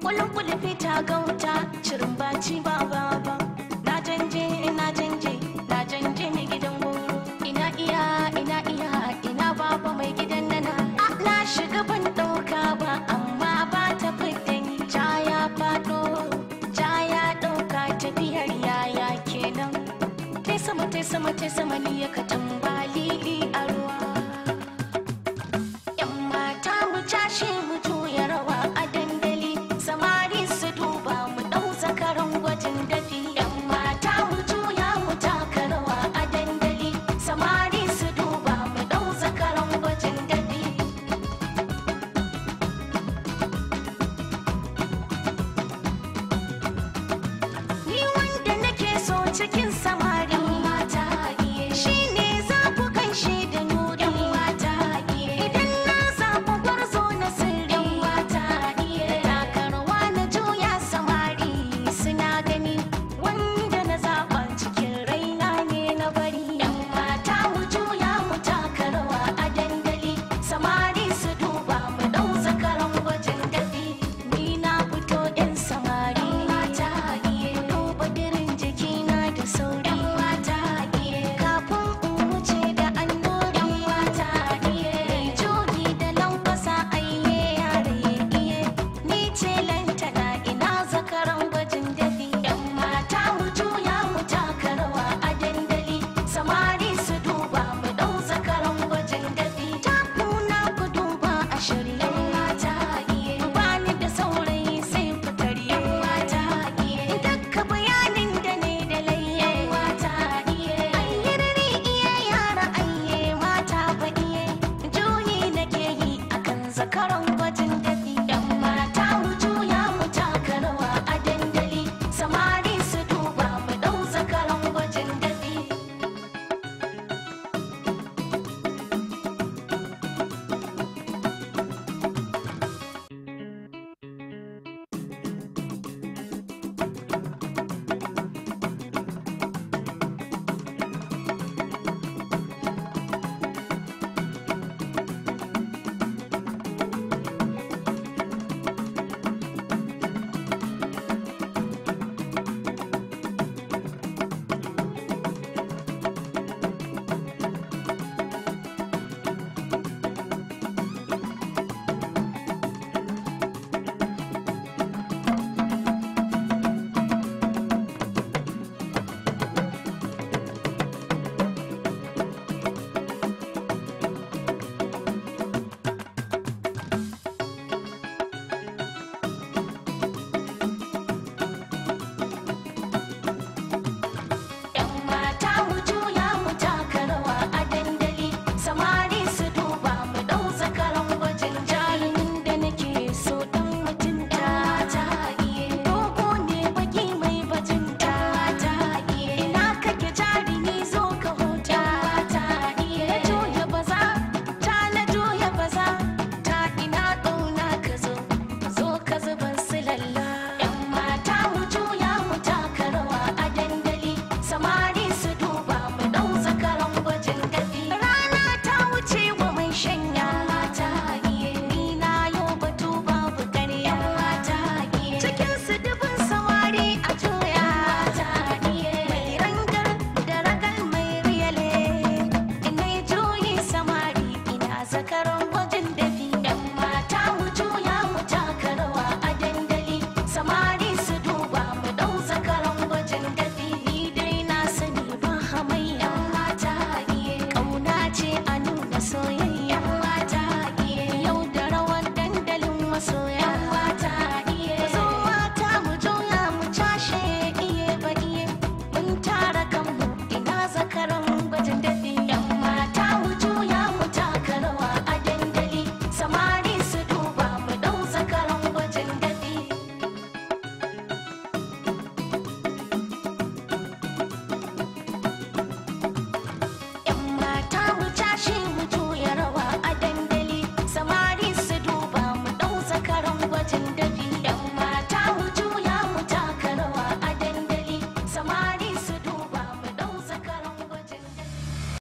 Kwallon kwalifi ta gauta, cirin baci ba ba ba. Na janje, na janje, na janje mai gidan goro. Ina iya, ina iya, ina baba mai gidan nana. A na shiga ban ɗauka ba, amma ba ta fidda Ja ya faɗo, ja ya ɗauka tafiyar yaya kenan. Tai sama, tai sama, tai sama ni ya ka tamba. can someone?